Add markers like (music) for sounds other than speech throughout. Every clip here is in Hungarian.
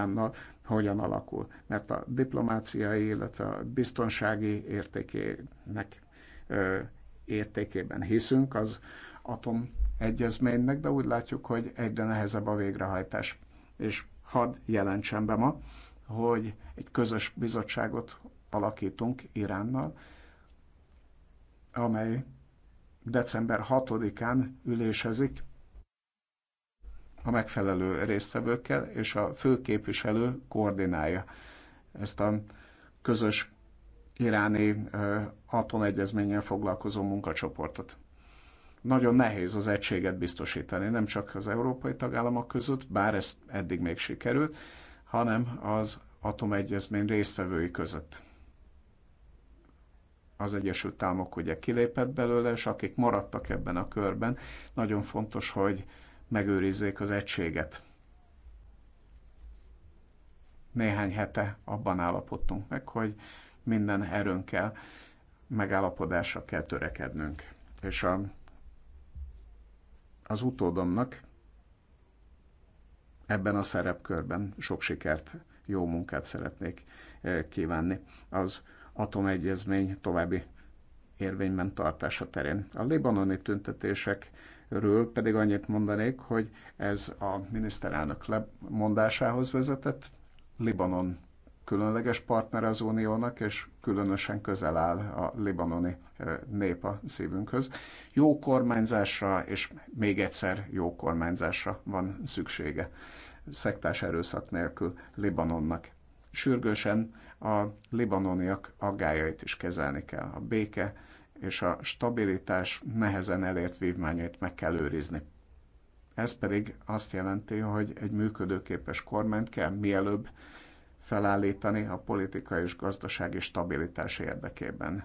Iránnal hogyan alakul. Mert a diplomáciai, illetve a biztonsági értékének ö, értékében hiszünk az atom egyezménynek, de úgy látjuk, hogy egyre nehezebb a végrehajtás. És hadd jelentsem be ma, hogy egy közös bizottságot alakítunk Iránnal, amely december 6-án ülésezik a megfelelő résztvevőkkel, és a főképviselő koordinálja ezt a közös iráni atomegyezménnyel foglalkozó munkacsoportot. Nagyon nehéz az egységet biztosítani, nem csak az európai tagállamok között, bár ez eddig még sikerült, hanem az atomegyezmény résztvevői között. Az Egyesült Államok ugye kilépett belőle, és akik maradtak ebben a körben, nagyon fontos, hogy megőrizzék az egységet. Néhány hete abban állapodtunk meg, hogy minden erőnkkel megállapodásra kell törekednünk. És a, az utódomnak ebben a szerepkörben sok sikert, jó munkát szeretnék eh, kívánni. Az atomegyezmény további érvényben tartása terén. A libanoni tüntetések ről pedig annyit mondanék, hogy ez a miniszterelnök lemondásához vezetett. Libanon különleges partner az Uniónak, és különösen közel áll a libanoni nép a szívünkhöz. Jó kormányzásra, és még egyszer jó kormányzásra van szüksége szektás erőszak nélkül Libanonnak. Sürgősen a libanoniak aggájait is kezelni kell. A béke és a stabilitás nehezen elért vívmányait meg kell őrizni. Ez pedig azt jelenti, hogy egy működőképes kormányt kell mielőbb felállítani a politikai és gazdasági stabilitás érdekében.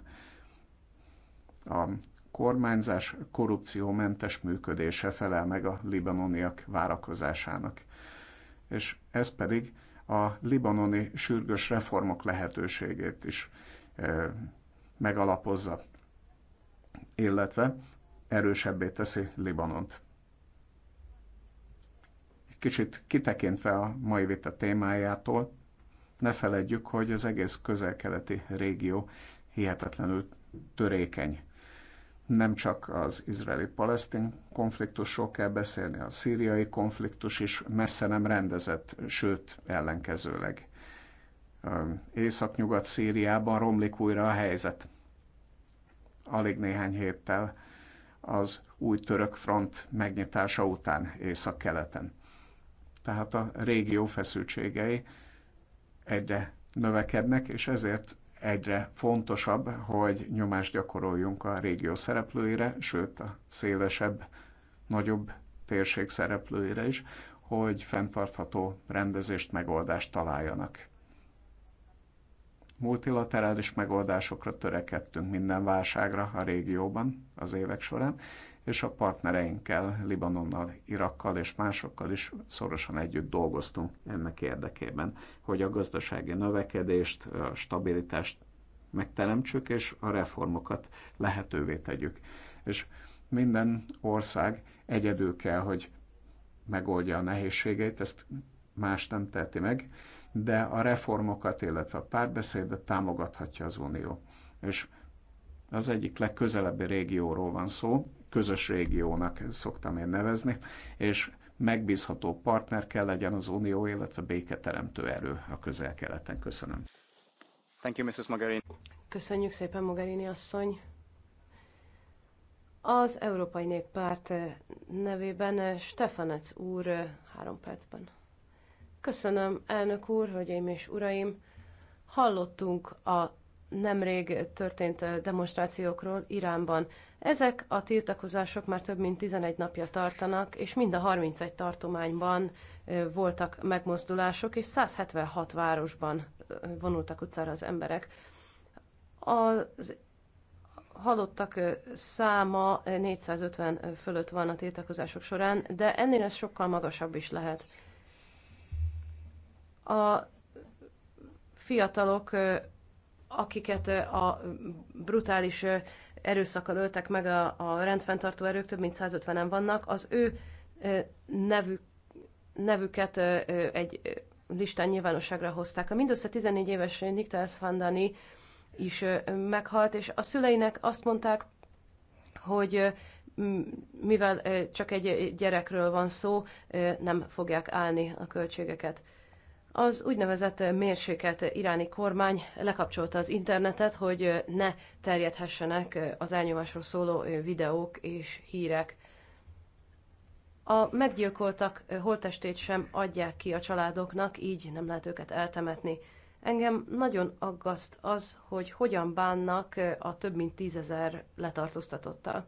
A kormányzás korrupciómentes működése felel meg a libanoniak várakozásának. És ez pedig a libanoni sürgős reformok lehetőségét is eh, megalapozza illetve erősebbé teszi Libanont. Kicsit kitekintve a mai vita témájától, ne feledjük, hogy az egész közel-keleti régió hihetetlenül törékeny. Nem csak az izraeli-palesztin konfliktusról kell beszélni, a szíriai konfliktus is messze nem rendezett, sőt, ellenkezőleg. Észak-nyugat Szíriában romlik újra a helyzet alig néhány héttel az új török front megnyitása után északkeleten. Tehát a régió feszültségei egyre növekednek, és ezért egyre fontosabb, hogy nyomást gyakoroljunk a régió szereplőire, sőt a szélesebb, nagyobb térség szereplőire is, hogy fenntartható rendezést, megoldást találjanak multilaterális megoldásokra törekedtünk minden válságra a régióban az évek során, és a partnereinkkel, Libanonnal, Irakkal és másokkal is szorosan együtt dolgoztunk ennek érdekében, hogy a gazdasági növekedést, a stabilitást megteremtsük, és a reformokat lehetővé tegyük. És minden ország egyedül kell, hogy megoldja a nehézségeit, ezt más nem teheti meg, de a reformokat, illetve a párbeszédet támogathatja az Unió. És az egyik legközelebbi régióról van szó, közös régiónak szoktam én nevezni, és megbízható partner kell legyen az Unió, illetve béketeremtő erő a közel-keleten. Köszönöm. Thank you, Mrs. Mogherini. Köszönjük szépen, Mogherini asszony. Az Európai Néppárt nevében Stefanec úr három percben. Köszönöm, elnök úr, hölgyeim és uraim! Hallottunk a nemrég történt demonstrációkról Iránban. Ezek a tiltakozások már több mint 11 napja tartanak, és mind a 31 tartományban voltak megmozdulások, és 176 városban vonultak utcára az emberek. Az halottak száma 450 fölött van a tiltakozások során, de ennél ez sokkal magasabb is lehet a fiatalok, akiket a brutális erőszakkal öltek meg a, a rendfenntartó erők, több mint 150-en vannak, az ő nevük, nevüket egy listán nyilvánosságra hozták. A mindössze 14 éves Niktelsz Fandani is meghalt, és a szüleinek azt mondták, hogy mivel csak egy gyerekről van szó, nem fogják állni a költségeket. Az úgynevezett mérsékelt iráni kormány lekapcsolta az internetet, hogy ne terjedhessenek az elnyomásról szóló videók és hírek. A meggyilkoltak holtestét sem adják ki a családoknak, így nem lehet őket eltemetni. Engem nagyon aggaszt az, hogy hogyan bánnak a több mint tízezer letartóztatottal.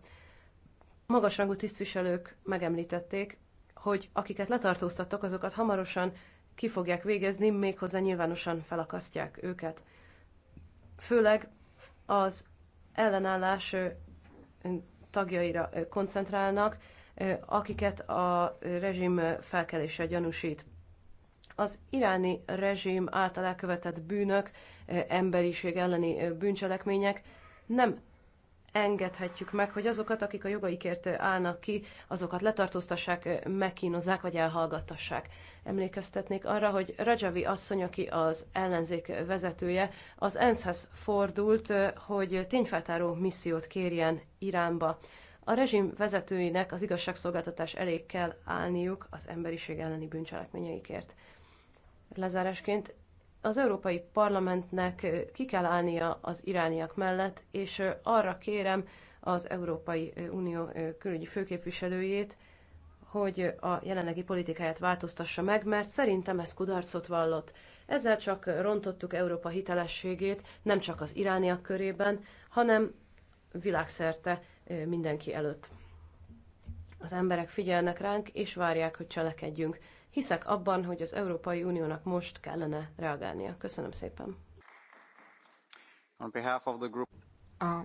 Magasrangú tisztviselők megemlítették, hogy akiket letartóztattak, azokat hamarosan ki fogják végezni, méghozzá nyilvánosan felakasztják őket. Főleg az ellenállás tagjaira koncentrálnak, akiket a rezsim felkelése gyanúsít. Az iráni rezsim által elkövetett bűnök, emberiség elleni bűncselekmények nem engedhetjük meg, hogy azokat, akik a jogaikért állnak ki, azokat letartóztassák, megkínozzák vagy elhallgattassák. Emlékeztetnék arra, hogy Rajavi asszony, aki az ellenzék vezetője, az ENSZ-hez fordult, hogy tényfeltáró missziót kérjen Iránba. A rezsim vezetőinek az igazságszolgáltatás elég kell állniuk az emberiség elleni bűncselekményeikért. Lezárásként az Európai Parlamentnek ki kell állnia az irániak mellett, és arra kérem az Európai Unió külügyi főképviselőjét, hogy a jelenlegi politikáját változtassa meg, mert szerintem ez kudarcot vallott. Ezzel csak rontottuk Európa hitelességét, nem csak az irániak körében, hanem világszerte mindenki előtt. Az emberek figyelnek ránk, és várják, hogy cselekedjünk. Hiszek abban, hogy az Európai Uniónak most kellene reagálnia. Köszönöm szépen. On behalf of the group... A,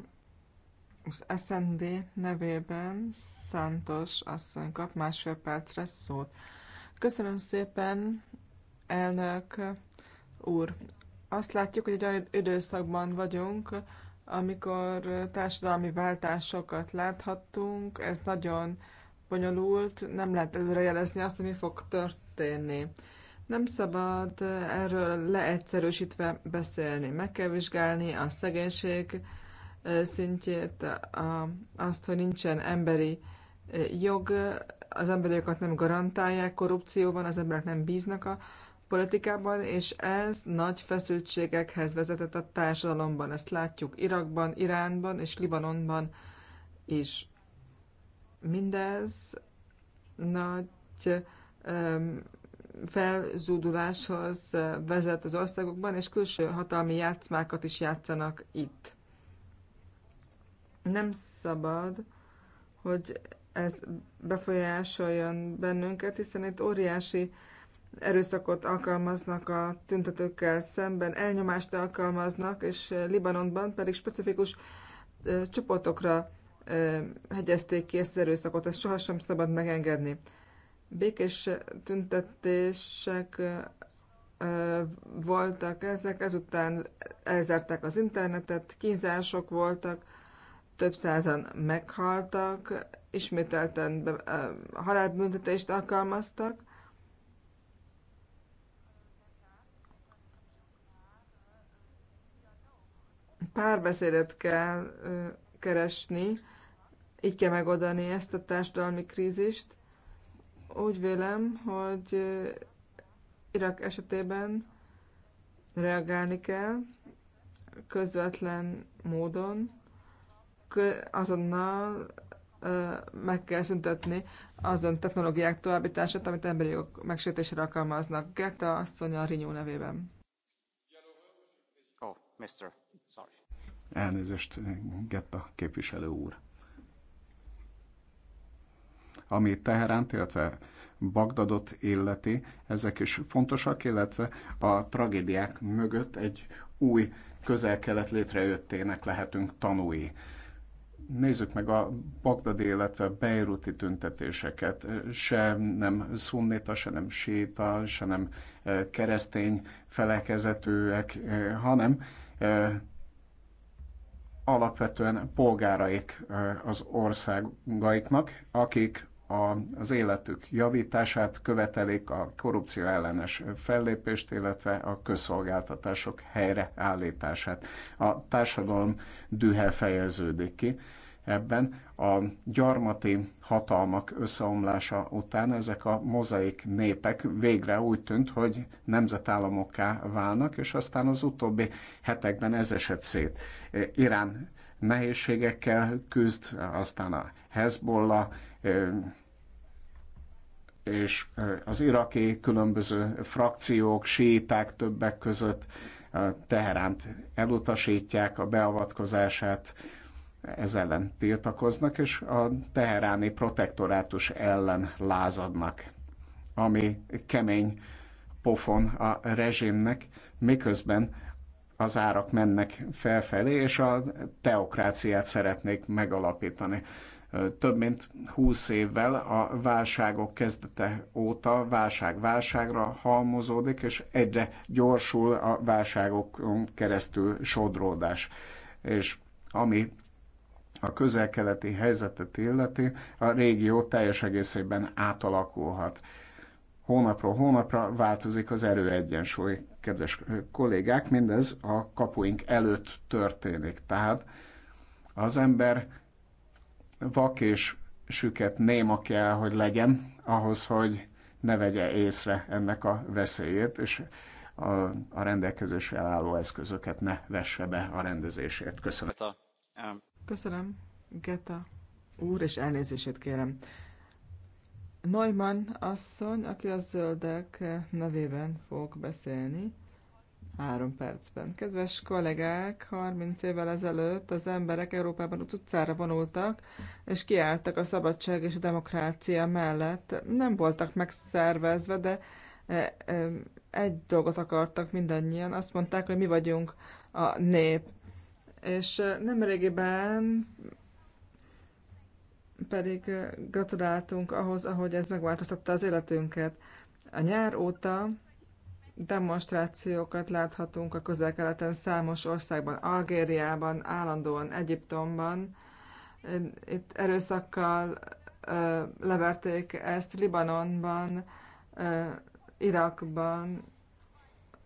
az SND nevében Santos, asszony kap másfél percre szót. Köszönöm szépen, elnök úr. Azt látjuk, hogy egy olyan időszakban vagyunk, amikor társadalmi váltásokat láthattunk, ez nagyon bonyolult, nem lehet előrejelezni azt, hogy mi fog történni történni. Nem szabad erről leegyszerűsítve beszélni. Meg kell vizsgálni a szegénység szintjét, a, azt, hogy nincsen emberi jog, az embereket nem garantálják, korrupció van, az emberek nem bíznak a politikában, és ez nagy feszültségekhez vezetett a társadalomban. Ezt látjuk Irakban, Iránban és Libanonban is. Mindez nagy felzúduláshoz vezet az országokban, és külső hatalmi játszmákat is játszanak itt. Nem szabad, hogy ez befolyásoljon bennünket, hiszen itt óriási erőszakot alkalmaznak a tüntetőkkel szemben, elnyomást alkalmaznak, és Libanonban pedig specifikus csoportokra hegyezték ki ezt az erőszakot, ezt sohasem szabad megengedni. Békés tüntetések voltak ezek, ezután elzárták az internetet, kínzások voltak, több százan meghaltak, ismételten halálbüntetést alkalmaztak. Párbeszédet kell keresni, így kell megoldani ezt a társadalmi krízist. Úgy vélem, hogy eh, Irak esetében reagálni kell közvetlen módon, azonnal eh, meg kell szüntetni azon technológiák továbbítását, amit emberi jogok megsértésére alkalmaznak. Getta asszony a Rinyó nevében. Oh, Mr. Sorry. Elnézést, Getta képviselő úr ami Teheránt, illetve Bagdadot illeti, ezek is fontosak, illetve a tragédiák mögött egy új közel-kelet létrejöttének lehetünk tanúi. Nézzük meg a bagdadi, illetve beiruti tüntetéseket. Se nem szunnita, se nem séta, se nem e, keresztény felekezetőek, e, hanem e, alapvetően polgáraik az országaiknak, akik a, az életük javítását követelik, a korrupció ellenes fellépést, illetve a közszolgáltatások helyreállítását. A társadalom dühe fejeződik ki ebben. A gyarmati hatalmak összeomlása után ezek a mozaik népek végre úgy tűnt, hogy nemzetállamokká válnak, és aztán az utóbbi hetekben ez esett szét. Irán nehézségekkel küzd, aztán a Hezbollah és az iraki különböző frakciók, séták többek között Teheránt elutasítják a beavatkozását, ez ellen tiltakoznak, és a teheráni protektorátus ellen lázadnak, ami kemény pofon a rezsimnek, miközben az árak mennek felfelé, és a teokráciát szeretnék megalapítani több mint 20 évvel a válságok kezdete óta válság válságra halmozódik, és egyre gyorsul a válságokon keresztül sodródás. És ami a közel-keleti helyzetet illeti, a régió teljes egészében átalakulhat. Hónapról hónapra változik az erőegyensúly, kedves kollégák, mindez a kapuink előtt történik. Tehát az ember vak és süket néma kell, hogy legyen, ahhoz, hogy ne vegye észre ennek a veszélyét, és a, a rendelkezésre álló eszközöket ne vesse be a rendezésért. Köszönöm. Köszönöm, Geta úr, és elnézését kérem. Neumann asszony, aki a zöldek nevében fog beszélni, három percben. Kedves kollégák, 30 évvel ezelőtt az emberek Európában az utcára vonultak, és kiálltak a szabadság és a demokrácia mellett. Nem voltak megszervezve, de e, e, egy dolgot akartak mindannyian. Azt mondták, hogy mi vagyunk a nép. És e, nemrégiben pedig gratuláltunk ahhoz, ahogy ez megváltoztatta az életünket. A nyár óta demonstrációkat láthatunk a közel-keleten számos országban, Algériában, állandóan Egyiptomban. Itt erőszakkal ö, leverték ezt Libanonban, ö, Irakban,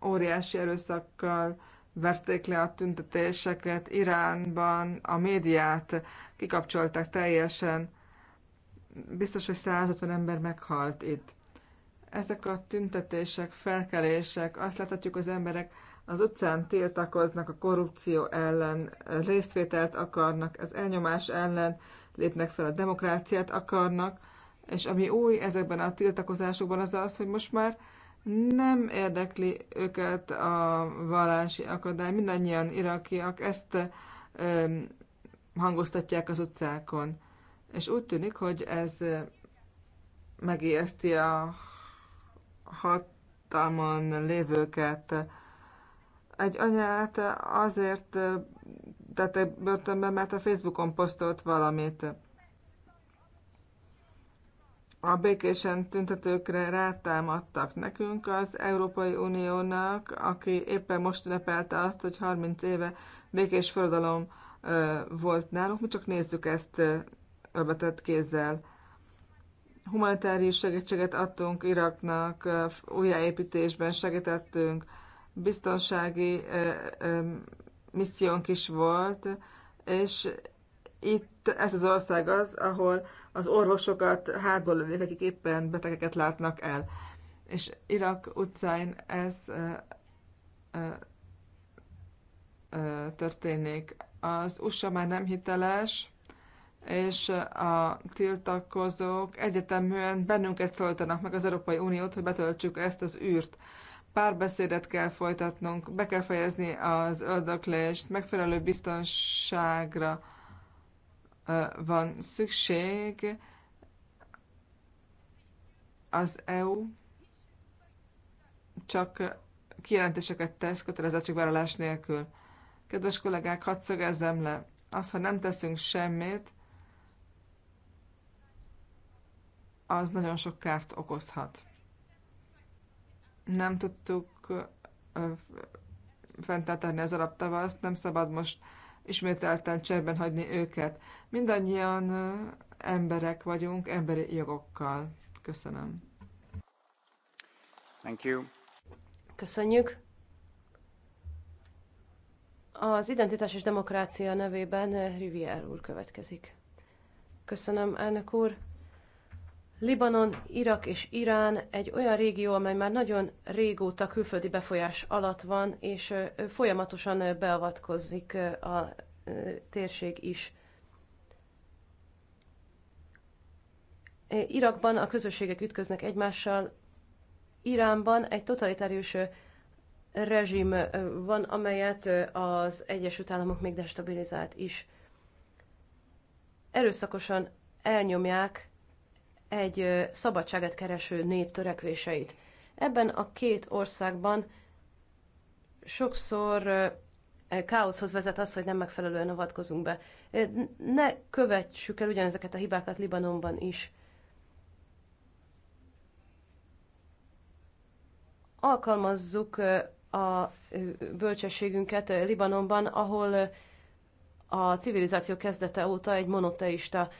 óriási erőszakkal verték le a tüntetéseket, Iránban a médiát kikapcsolták teljesen. Biztos, hogy 150 ember meghalt itt ezek a tüntetések, felkelések, azt láthatjuk, az emberek az utcán tiltakoznak a korrupció ellen, részvételt akarnak, az elnyomás ellen lépnek fel, a demokráciát akarnak, és ami új ezekben a tiltakozásokban az az, hogy most már nem érdekli őket a vallási akadály, mindannyian irakiak ezt öm, hangoztatják az utcákon. És úgy tűnik, hogy ez megijeszti a hatalmon lévőket. Egy anyát azért tette börtönbe, mert a Facebookon posztolt valamit. A békésen tüntetőkre rátámadtak nekünk az Európai Uniónak, aki éppen most ünnepelte azt, hogy 30 éve békés forradalom volt náluk. Mi csak nézzük ezt öbetett kézzel humanitárius segítséget adtunk Iraknak, újjáépítésben segítettünk, biztonsági missziónk is volt, és itt ez az ország az, ahol az orvosokat hátból lövik, akik éppen betegeket látnak el. És Irak utcáin ez ö, ö, ö, történik. Az USA már nem hiteles, és a tiltakozók egyeteműen bennünket szóltanak meg az Európai Uniót, hogy betöltsük ezt az űrt. Párbeszédet kell folytatnunk, be kell fejezni az öldöklést, megfelelő biztonságra van szükség. Az EU csak kijelentéseket tesz kötelezettségvállalás nélkül. Kedves kollégák, hadd szögezzem le. Az, ha nem teszünk semmit, az nagyon sok kárt okozhat. Nem tudtuk fenntartani az alaptavaszt, nem szabad most ismételten cserben hagyni őket. Mindannyian emberek vagyunk, emberi jogokkal. Köszönöm. Thank you. Köszönjük. Az Identitás és Demokrácia nevében Rivière úr következik. Köszönöm, elnök úr. Libanon, Irak és Irán egy olyan régió, amely már nagyon régóta külföldi befolyás alatt van, és folyamatosan beavatkozik a térség is. Irakban a közösségek ütköznek egymással, Iránban egy totalitárius rezsim van, amelyet az Egyesült Államok még destabilizált is. Erőszakosan elnyomják egy szabadságot kereső nép törekvéseit. Ebben a két országban sokszor e, káoszhoz vezet az, hogy nem megfelelően avatkozunk be. Ne követsük el ugyanezeket a hibákat Libanonban is. Alkalmazzuk a bölcsességünket Libanonban, ahol a civilizáció kezdete óta egy monoteista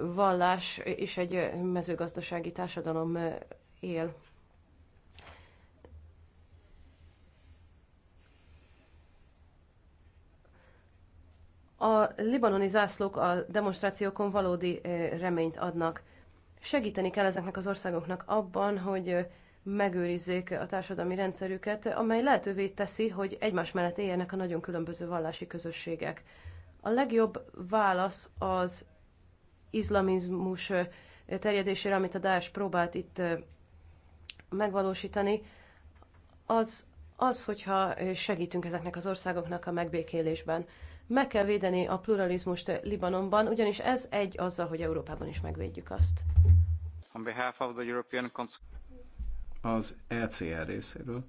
vallás és egy mezőgazdasági társadalom él. A libanoni zászlók a demonstrációkon valódi reményt adnak. Segíteni kell ezeknek az országoknak abban, hogy megőrizzék a társadalmi rendszerüket, amely lehetővé teszi, hogy egymás mellett éljenek a nagyon különböző vallási közösségek. A legjobb válasz az izlamizmus terjedésére, amit a Daesh próbált itt megvalósítani, az az, hogyha segítünk ezeknek az országoknak a megbékélésben. Meg kell védeni a pluralizmust Libanonban, ugyanis ez egy azzal, hogy Európában is megvédjük azt. On behalf of the European az ECR részéről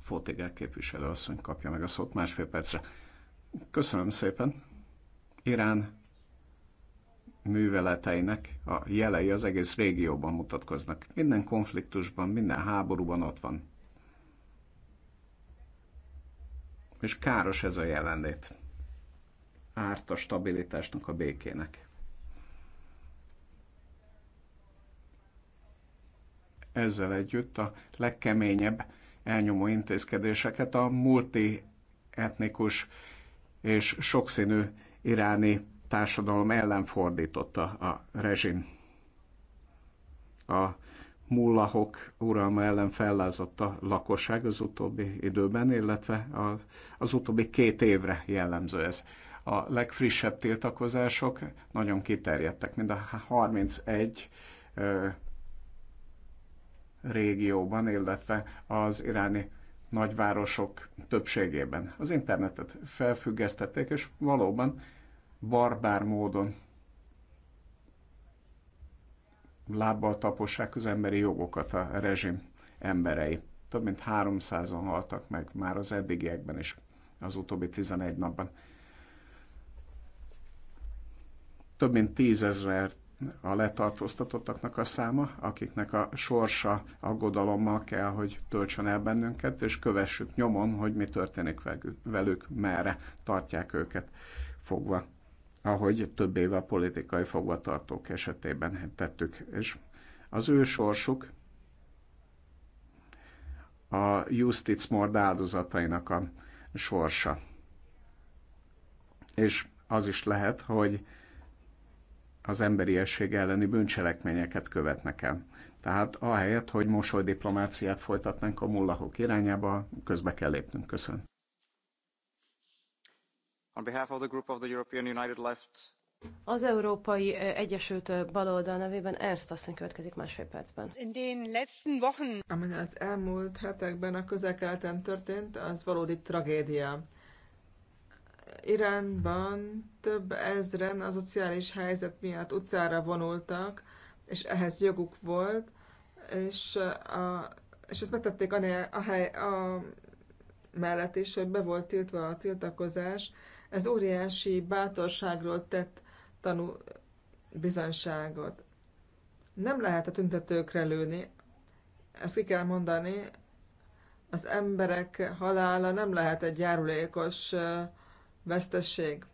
Fotigel képviselő asszony kapja meg a szót másfél percre. Köszönöm szépen. Irán műveleteinek a jelei az egész régióban mutatkoznak. Minden konfliktusban, minden háborúban ott van. És káros ez a jelenlét. Árt a stabilitásnak, a békének. Ezzel együtt a legkeményebb elnyomó intézkedéseket a multi etnikus és sokszínű iráni társadalom ellen fordította a rezsim. A mullahok uralma ellen fellázott a lakosság az utóbbi időben, illetve az, az utóbbi két évre jellemző ez. A legfrissebb tiltakozások nagyon kiterjedtek, mind a 31 ö, régióban, illetve az iráni nagyvárosok többségében. Az internetet felfüggesztették, és valóban barbár módon lábbal tapossák az emberi jogokat a rezsim emberei. Több mint 300-an haltak meg már az eddigiekben is, az utóbbi 11 napban. Több mint tízezret a letartóztatottaknak a száma, akiknek a sorsa aggodalommal kell, hogy töltsön el bennünket, és kövessük nyomon, hogy mi történik velük, merre tartják őket fogva, ahogy több éve a politikai fogvatartók esetében tettük. És az ő sorsuk a Justice Mord áldozatainak a sorsa. És az is lehet, hogy az emberiesség elleni bűncselekményeket követnek el. Tehát ahelyett, hogy diplomáciát folytatnánk a mullahok irányába, közbe kell lépnünk. Köszönöm. On behalf of the group of the European United Left, az Európai eh, Egyesült eh, Baloldal nevében Ernst asszony következik másfél percben. In den letzten Wochen... Ami az elmúlt hetekben a közel történt, az valódi tragédia. Iránban több ezren a szociális helyzet miatt utcára vonultak, és ehhez joguk volt, és, a, és ezt megtették anél, a hely, a mellett is, hogy be volt tiltva a tiltakozás. Ez óriási bátorságról tett tanú bizonságot. Nem lehet a tüntetőkre lőni, ezt ki kell mondani, az emberek halála nem lehet egy járulékos veszteség.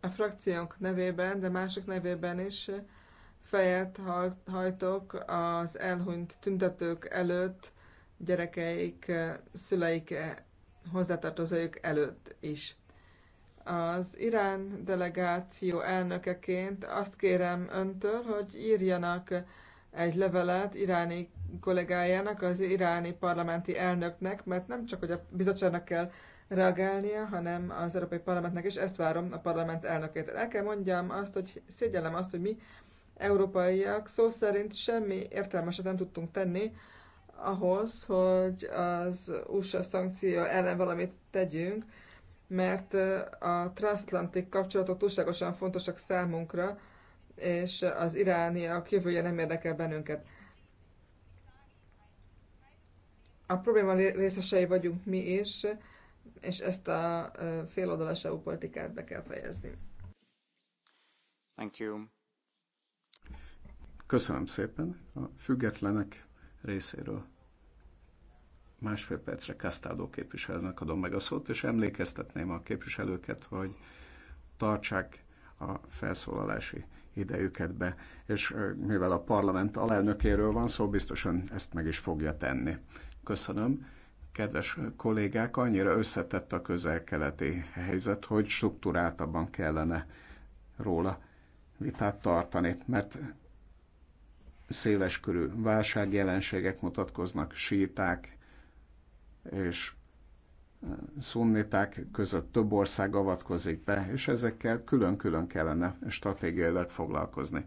A frakciónk nevében, de mások nevében is fejet hajtok az elhunyt tüntetők előtt, gyerekeik, szüleik, hozzátartozóik előtt is. Az Irán delegáció elnökeként azt kérem öntől, hogy írjanak egy levelet iráni kollégájának, az iráni parlamenti elnöknek, mert nem csak, hogy a bizottságnak kell reagálnia, hanem az Európai Parlamentnek, és ezt várom a parlament elnökét. El kell mondjam azt, hogy szégyellem azt, hogy mi európaiak szó szerint semmi értelmeset nem tudtunk tenni ahhoz, hogy az USA szankció ellen valamit tegyünk, mert a transatlantik kapcsolatok túlságosan fontosak számunkra, és az irániak jövője nem érdekel bennünket. A probléma részesei vagyunk mi is, és ezt a féloldalas EU politikát be kell fejezni. Thank you. Köszönöm szépen a függetlenek részéről. Másfél percre Kasztádó képviselőnek adom meg a szót, és emlékeztetném a képviselőket, hogy tartsák a felszólalási idejüket be, és mivel a parlament alelnökéről van szó, biztosan ezt meg is fogja tenni. Köszönöm. Kedves kollégák, annyira összetett a közel-keleti helyzet, hogy struktúráltabban kellene róla vitát tartani, mert széleskörű válságjelenségek mutatkoznak, síták és szunniták között több ország avatkozik be, és ezekkel külön-külön kellene stratégiailag foglalkozni.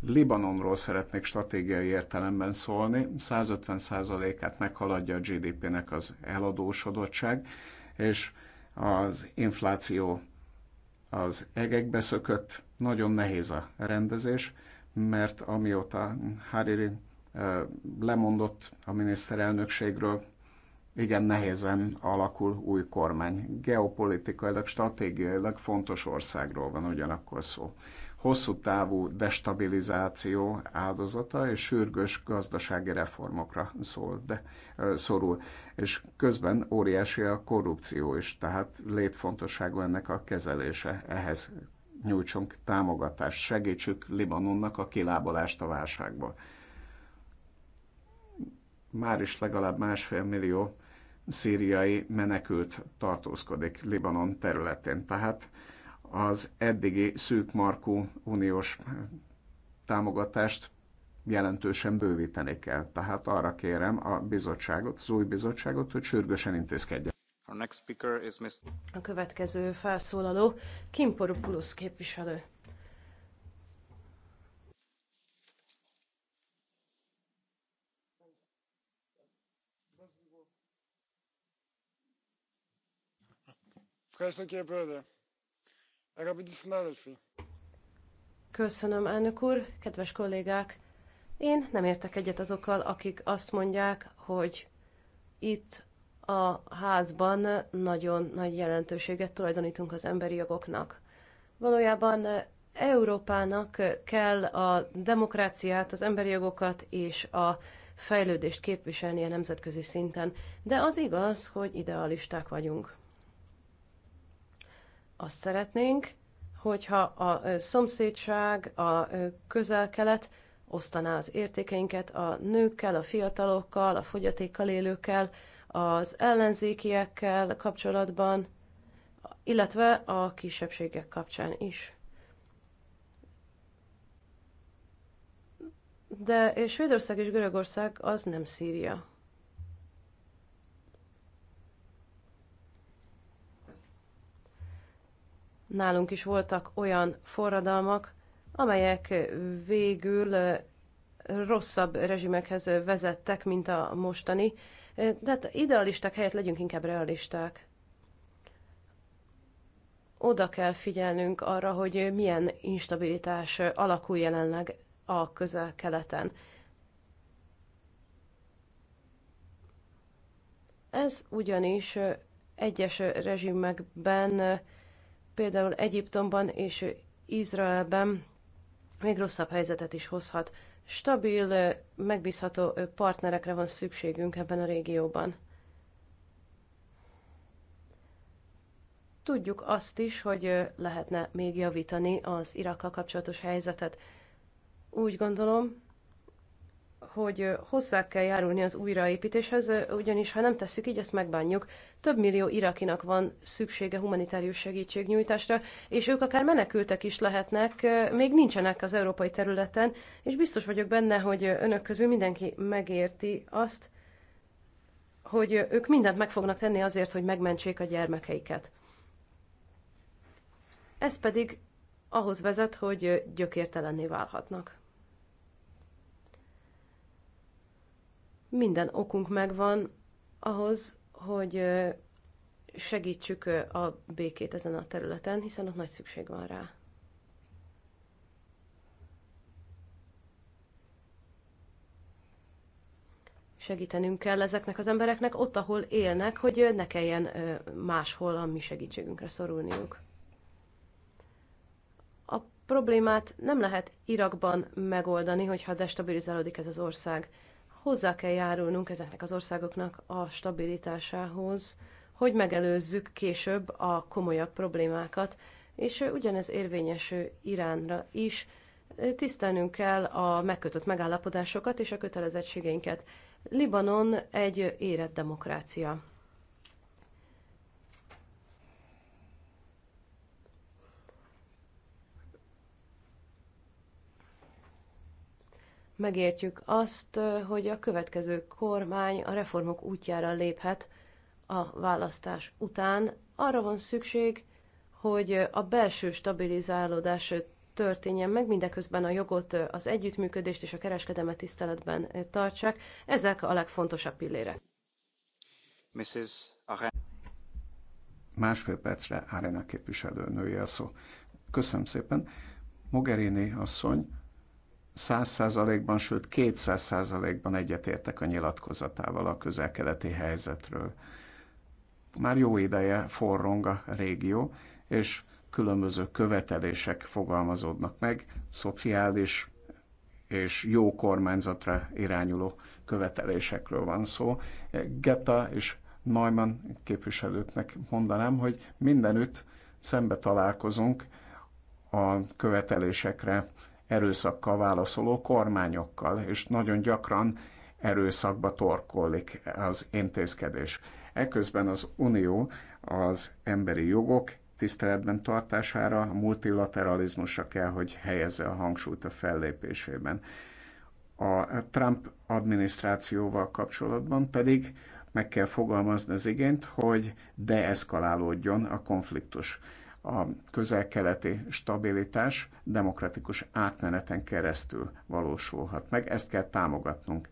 Libanonról szeretnék stratégiai értelemben szólni. 150%-át meghaladja a GDP-nek az eladósodottság, és az infláció az egekbe szökött, nagyon nehéz a rendezés mert amióta Hariri lemondott a miniszterelnökségről, igen nehézen alakul új kormány. Geopolitikailag, stratégiailag fontos országról van ugyanakkor szó. Hosszú távú destabilizáció áldozata és sürgős gazdasági reformokra szól, de, ö, szorul. És közben óriási a korrupció is, tehát létfontosságú ennek a kezelése. Ehhez nyújtsunk támogatást, segítsük Libanonnak a kilábalást a válságból. Már is legalább másfél millió szíriai menekült tartózkodik Libanon területén. Tehát az eddigi szűk markú uniós támogatást jelentősen bővíteni kell. Tehát arra kérem a bizottságot, az új bizottságot, hogy sürgősen intézkedjen. A következő felszólaló Kim Poropoulos képviselő. Köszönöm, elnök úr, kedves kollégák! Én nem értek egyet azokkal, akik azt mondják, hogy itt a házban nagyon nagy jelentőséget tulajdonítunk az emberi jogoknak. Valójában Európának kell a demokráciát, az emberi jogokat és a fejlődést képviselnie nemzetközi szinten, de az igaz, hogy idealisták vagyunk. Azt szeretnénk, hogyha a szomszédság, a közel-kelet osztaná az értékeinket a nőkkel, a fiatalokkal, a fogyatékkal élőkkel, az ellenzékiekkel kapcsolatban, illetve a kisebbségek kapcsán is. De és Svédország és Görögország az nem Szíria. Nálunk is voltak olyan forradalmak, amelyek végül rosszabb rezsimekhez vezettek, mint a mostani. Tehát idealisták helyett legyünk inkább realisták. Oda kell figyelnünk arra, hogy milyen instabilitás alakul jelenleg a közel-keleten. Ez ugyanis egyes rezsimekben, például Egyiptomban és Izraelben még rosszabb helyzetet is hozhat stabil, megbízható partnerekre van szükségünk ebben a régióban. Tudjuk azt is, hogy lehetne még javítani az Irakkal kapcsolatos helyzetet. Úgy gondolom, hogy hozzá kell járulni az újraépítéshez, ugyanis ha nem tesszük így, ezt megbánjuk. Több millió irakinak van szüksége humanitárius segítségnyújtásra, és ők akár menekültek is lehetnek, még nincsenek az európai területen, és biztos vagyok benne, hogy önök közül mindenki megérti azt, hogy ők mindent meg fognak tenni azért, hogy megmentsék a gyermekeiket. Ez pedig ahhoz vezet, hogy gyökértelenné válhatnak. minden okunk megvan ahhoz, hogy segítsük a békét ezen a területen, hiszen ott nagy szükség van rá. Segítenünk kell ezeknek az embereknek ott, ahol élnek, hogy ne kelljen máshol a mi segítségünkre szorulniuk. A problémát nem lehet Irakban megoldani, hogyha destabilizálódik ez az ország hozzá kell járulnunk ezeknek az országoknak a stabilitásához, hogy megelőzzük később a komolyabb problémákat, és ugyanez érvényes Iránra is. Tisztelnünk kell a megkötött megállapodásokat és a kötelezettségeinket. Libanon egy érett demokrácia. megértjük azt, hogy a következő kormány a reformok útjára léphet a választás után. Arra van szükség, hogy a belső stabilizálódás történjen meg, mindeközben a jogot, az együttműködést és a kereskedelmet tiszteletben tartsák. Ezek a legfontosabb pillérek. Mrs. Arena. Másfél percre Arena nője a szó. Köszönöm szépen. Mogherini asszony, száz százalékban, sőt 200 százalékban egyetértek a nyilatkozatával a közelkeleti helyzetről. Már jó ideje forrong a régió, és különböző követelések fogalmazódnak meg, szociális és jó kormányzatra irányuló követelésekről van szó. Geta és Neumann képviselőknek mondanám, hogy mindenütt szembe találkozunk a követelésekre erőszakkal válaszoló kormányokkal, és nagyon gyakran erőszakba torkollik az intézkedés. Eközben az Unió az emberi jogok tiszteletben tartására, a multilateralizmusra kell, hogy helyezze a hangsúlyt a fellépésében. A Trump adminisztrációval kapcsolatban pedig meg kell fogalmazni az igényt, hogy deeszkalálódjon a konfliktus a közel-keleti stabilitás demokratikus átmeneten keresztül valósulhat meg, ezt kell támogatnunk.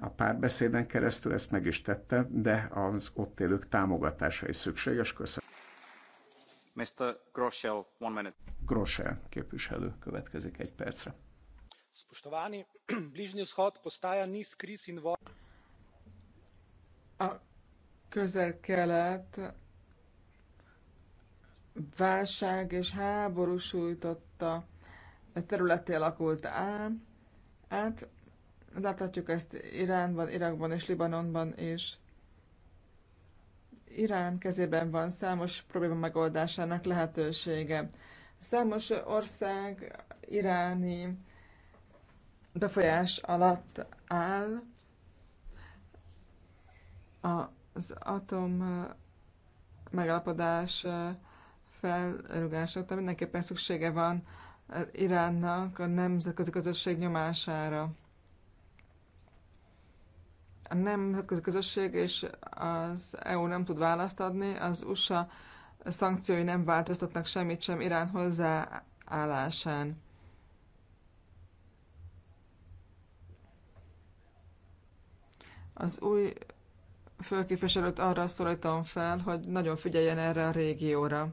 A párbeszéden keresztül ezt meg is tette, de az ott élők támogatása is szükséges. Köszönöm. Mr. Groschel, one minute. Groschel képviselő következik egy percre. Spoštovani, (clears throat) Bližnji vzhod postaja niz kriz in A közel-kelet válság és háború sújtotta e területé alakult át. Láthatjuk ezt Iránban, Irakban és Libanonban is. Irán kezében van számos probléma megoldásának lehetősége. Számos ország iráni befolyás alatt áll. Az atom eh, megállapodás eh, felrugásokra mindenképpen szüksége van Iránnak a nemzetközi közösség nyomására. A nemzetközi közösség és az EU nem tud választ adni, az USA szankciói nem változtatnak semmit sem Irán hozzáállásán. Az új főképviselőt arra szólítom fel, hogy nagyon figyeljen erre a régióra.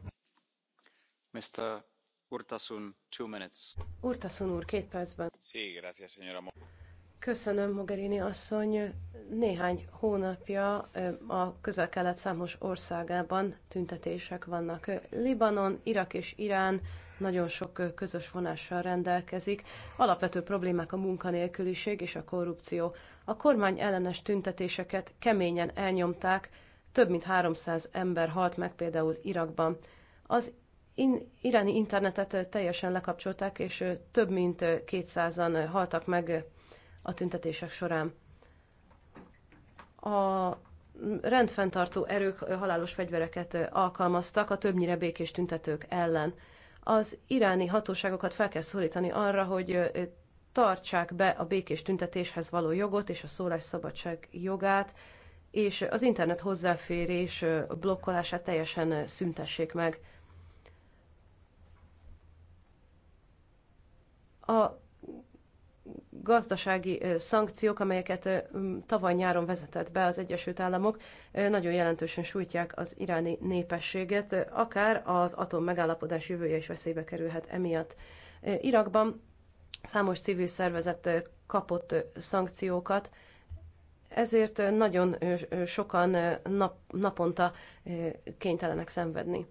Mr. Urtasun, two minutes. úr, két percben. Köszönöm, Mogherini asszony. Néhány hónapja a közel-kelet számos országában tüntetések vannak. Libanon, Irak és Irán nagyon sok közös vonással rendelkezik. Alapvető problémák a munkanélküliség és a korrupció. A kormány ellenes tüntetéseket keményen elnyomták, több mint 300 ember halt meg például Irakban. Az in, iráni internetet teljesen lekapcsolták, és több mint 200-an haltak meg a tüntetések során. A rendfenntartó erők halálos fegyvereket alkalmaztak a többnyire békés tüntetők ellen. Az iráni hatóságokat fel kell szólítani arra, hogy tartsák be a békés tüntetéshez való jogot és a szólásszabadság jogát, és az internet hozzáférés blokkolását teljesen szüntessék meg. A gazdasági szankciók, amelyeket tavaly nyáron vezetett be az Egyesült Államok, nagyon jelentősen sújtják az iráni népességet, akár az atom megállapodás jövője is veszélybe kerülhet emiatt. Irakban számos civil szervezet kapott szankciókat, ezért nagyon sokan nap, naponta kénytelenek szenvedni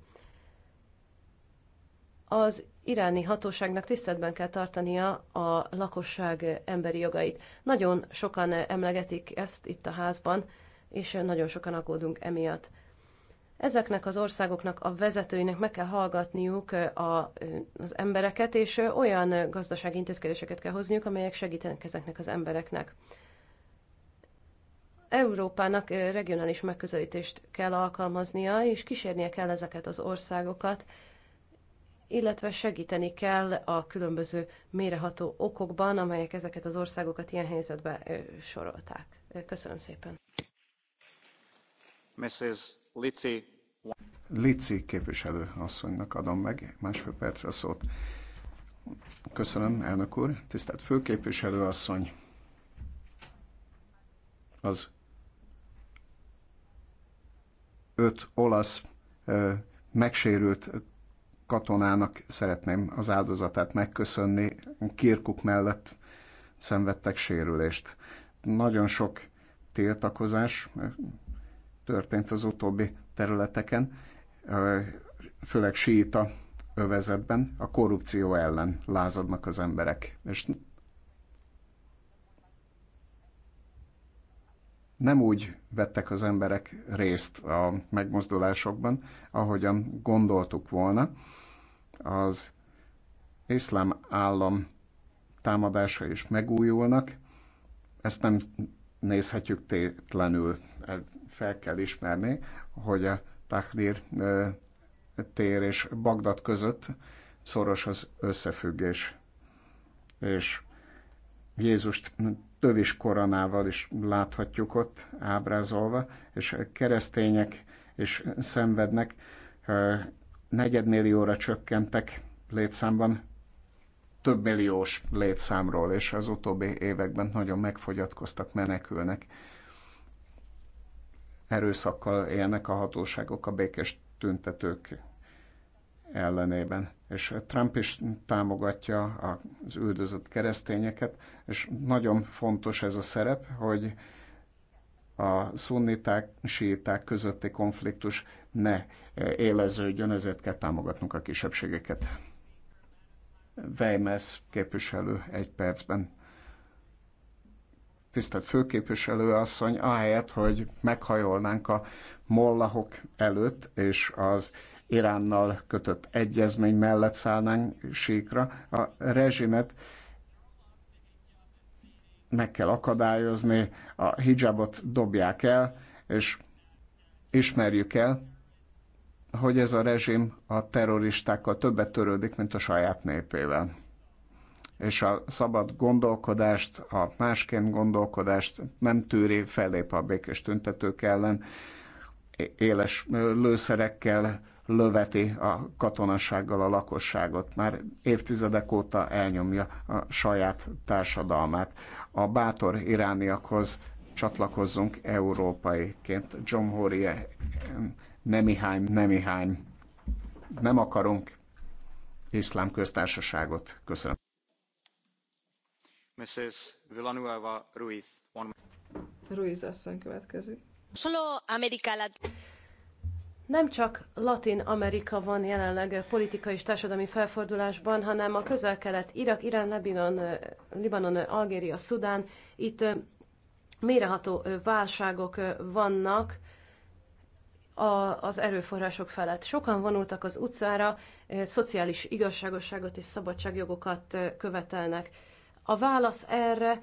az iráni hatóságnak tiszteletben kell tartania a lakosság emberi jogait. Nagyon sokan emlegetik ezt itt a házban, és nagyon sokan aggódunk emiatt. Ezeknek az országoknak a vezetőinek meg kell hallgatniuk a, az embereket, és olyan gazdasági intézkedéseket kell hozniuk, amelyek segítenek ezeknek az embereknek. Európának regionális megközelítést kell alkalmaznia, és kísérnie kell ezeket az országokat, illetve segíteni kell a különböző méreható okokban, amelyek ezeket az országokat ilyen helyzetbe sorolták. Köszönöm szépen. Mrs. Lici. Lici képviselő asszonynak adom meg másfél percre a szót. Köszönöm, elnök úr. Tisztelt főképviselő asszony. Az öt olasz megsérült katonának szeretném az áldozatát megköszönni. Kirkuk mellett szenvedtek sérülést. Nagyon sok tiltakozás történt az utóbbi területeken, főleg síita övezetben a korrupció ellen lázadnak az emberek. És nem úgy vettek az emberek részt a megmozdulásokban, ahogyan gondoltuk volna az iszlám állam támadása is megújulnak. Ezt nem nézhetjük tétlenül. Fel kell ismerni, hogy a Tahrir tér és Bagdad között szoros az összefüggés. És Jézust tövis koronával is láthatjuk ott ábrázolva, és keresztények és szenvednek negyedmillióra csökkentek létszámban, több milliós létszámról, és az utóbbi években nagyon megfogyatkoztak, menekülnek. Erőszakkal élnek a hatóságok a békés tüntetők ellenében. És Trump is támogatja az üldözött keresztényeket, és nagyon fontos ez a szerep, hogy a szunniták, síták közötti konfliktus ne eh, éleződjön, ezért kell támogatnunk a kisebbségeket. Weimers képviselő egy percben. Tisztelt főképviselő asszony, ahelyett, hogy meghajolnánk a mollahok előtt, és az Iránnal kötött egyezmény mellett szállnánk síkra, a rezsimet meg kell akadályozni, a hijabot dobják el, és ismerjük el, hogy ez a rezsim a terroristákkal többet törődik, mint a saját népével. És a szabad gondolkodást, a másként gondolkodást nem tűri, fellép a békés tüntetők ellen, éles lőszerekkel löveti a katonassággal a lakosságot, már évtizedek óta elnyomja a saját társadalmát. A bátor irániakhoz csatlakozzunk európaiként. John Horie, nemihány, nemihány. Nem akarunk iszlám köztársaságot. Köszönöm. Mrs. Villanueva Ruiz. One... Ruiz asszony következik. Nem csak Latin Amerika van jelenleg politikai és társadalmi felfordulásban, hanem a közel-kelet, Irak, Irán, Libanon, Libanon, Algéria, Szudán, itt méreható válságok vannak az erőforrások felett. Sokan vonultak az utcára, szociális igazságosságot és szabadságjogokat követelnek. A válasz erre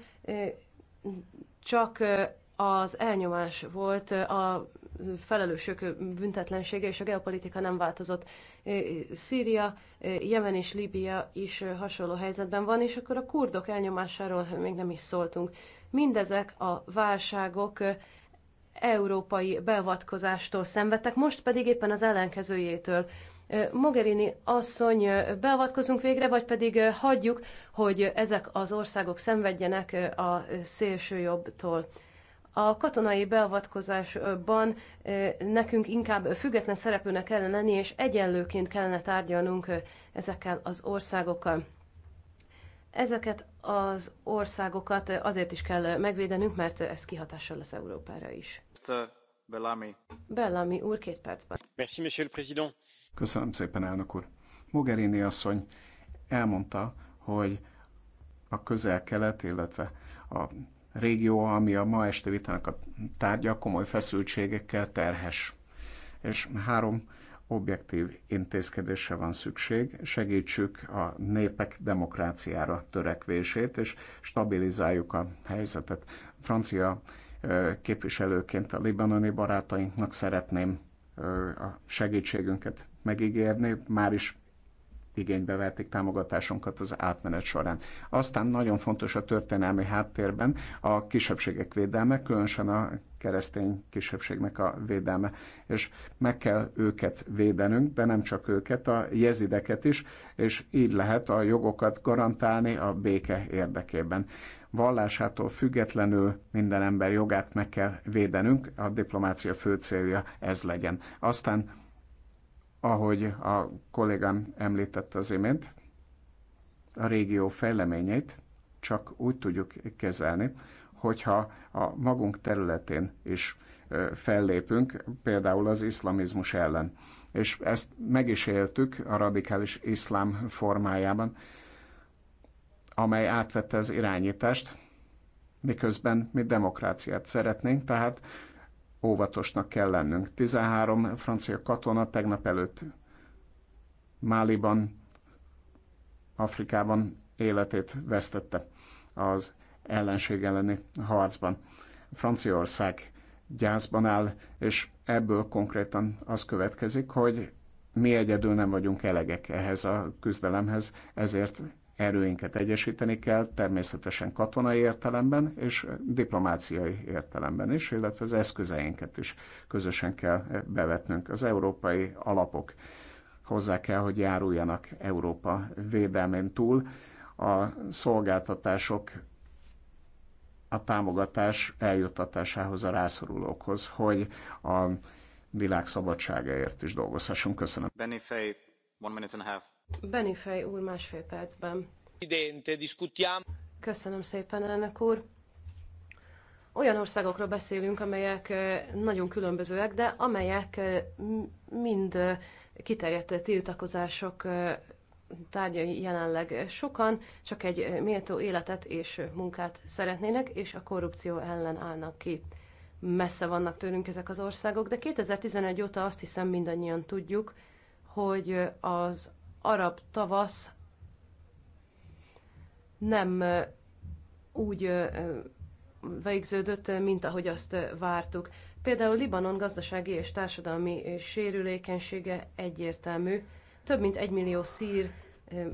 csak az elnyomás volt, a felelősök büntetlensége és a geopolitika nem változott. Szíria, Jemen és Líbia is hasonló helyzetben van, és akkor a kurdok elnyomásáról még nem is szóltunk. Mindezek a válságok európai beavatkozástól szenvedtek, most pedig éppen az ellenkezőjétől. Mogherini asszony, beavatkozunk végre, vagy pedig hagyjuk, hogy ezek az országok szenvedjenek a szélsőjobbtól. jobbtól? A katonai beavatkozásban nekünk inkább független szereplőnek kellene lenni, és egyenlőként kellene tárgyalnunk ezekkel az országokkal. Ezeket az országokat azért is kell megvédenünk, mert ez kihatással lesz Európára is. Bellamy. Bellamy úr, két percben. Merci, monsieur le président. Köszönöm szépen, elnök úr. Mogherini asszony elmondta, hogy a közel-kelet, illetve a régió, ami a ma este vitának a tárgya, komoly feszültségekkel terhes. És három objektív intézkedésre van szükség, segítsük a népek demokráciára törekvését, és stabilizáljuk a helyzetet. Francia képviselőként a libanoni barátainknak szeretném a segítségünket megígérni, már is igénybe vették támogatásunkat az átmenet során. Aztán nagyon fontos a történelmi háttérben a kisebbségek védelme, különösen a keresztény kisebbségnek a védelme. És meg kell őket védenünk, de nem csak őket, a jezideket is, és így lehet a jogokat garantálni a béke érdekében. Vallásától függetlenül minden ember jogát meg kell védenünk, a diplomácia fő célja ez legyen. Aztán ahogy a kollégám említette az imént, a régió fejleményeit csak úgy tudjuk kezelni, hogyha a magunk területén is fellépünk, például az iszlamizmus ellen. És ezt meg is éltük a radikális iszlám formájában, amely átvette az irányítást, miközben mi demokráciát szeretnénk, tehát óvatosnak kell lennünk. 13 francia katona tegnap előtt Máliban, Afrikában életét vesztette az ellenség elleni harcban. Franciaország gyászban áll, és ebből konkrétan az következik, hogy mi egyedül nem vagyunk elegek ehhez a küzdelemhez, ezért erőinket egyesíteni kell, természetesen katonai értelemben és diplomáciai értelemben is, illetve az eszközeinket is közösen kell bevetnünk. Az európai alapok hozzá kell, hogy járuljanak Európa védelmén túl. A szolgáltatások a támogatás eljuttatásához a rászorulókhoz, hogy a világ szabadságáért is dolgozhassunk. Köszönöm. Benny Fay, one minute and a half. Benifej úr másfél percben. Köszönöm szépen, elnök úr. Olyan országokról beszélünk, amelyek nagyon különbözőek, de amelyek mind kiterjedt tiltakozások tárgyai jelenleg sokan csak egy méltó életet és munkát szeretnének, és a korrupció ellen állnak ki. Messze vannak tőlünk ezek az országok, de 2011 óta azt hiszem mindannyian tudjuk, hogy az arab tavasz nem úgy végződött, mint ahogy azt vártuk. Például Libanon gazdasági és társadalmi sérülékenysége egyértelmű. Több mint egy millió szír